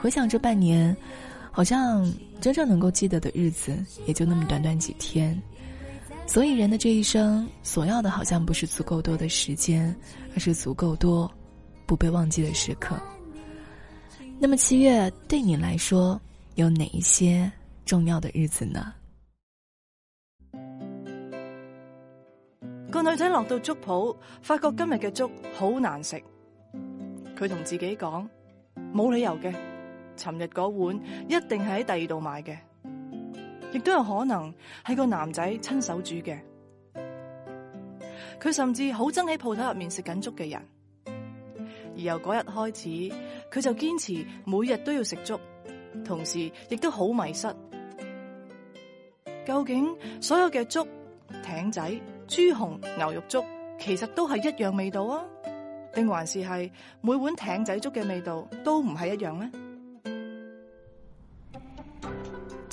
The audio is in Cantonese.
回想這半年，好像真正能夠記得的日子也就那麼短短幾天。所以，人的這一生，所要的好像不是足夠多的時間，而是足夠多不被忘記的時刻。那麼，七月對你來說，有哪一些重要的日子呢？個女仔落到粥鋪，發覺今日嘅粥好難食，佢同自己講：冇理由嘅。尋日嗰碗一定係喺第二度買嘅亦都有可能係個男仔親手煮嘅。佢甚至好憎喺鋪頭入面食緊粥嘅人，而由嗰日開始，佢就堅持每日都要食粥，同時亦都好迷失。究竟所有嘅粥，艇仔、豬紅牛肉粥其實都係一樣味道啊？定還是係每碗艇仔粥嘅味道都唔係一樣呢？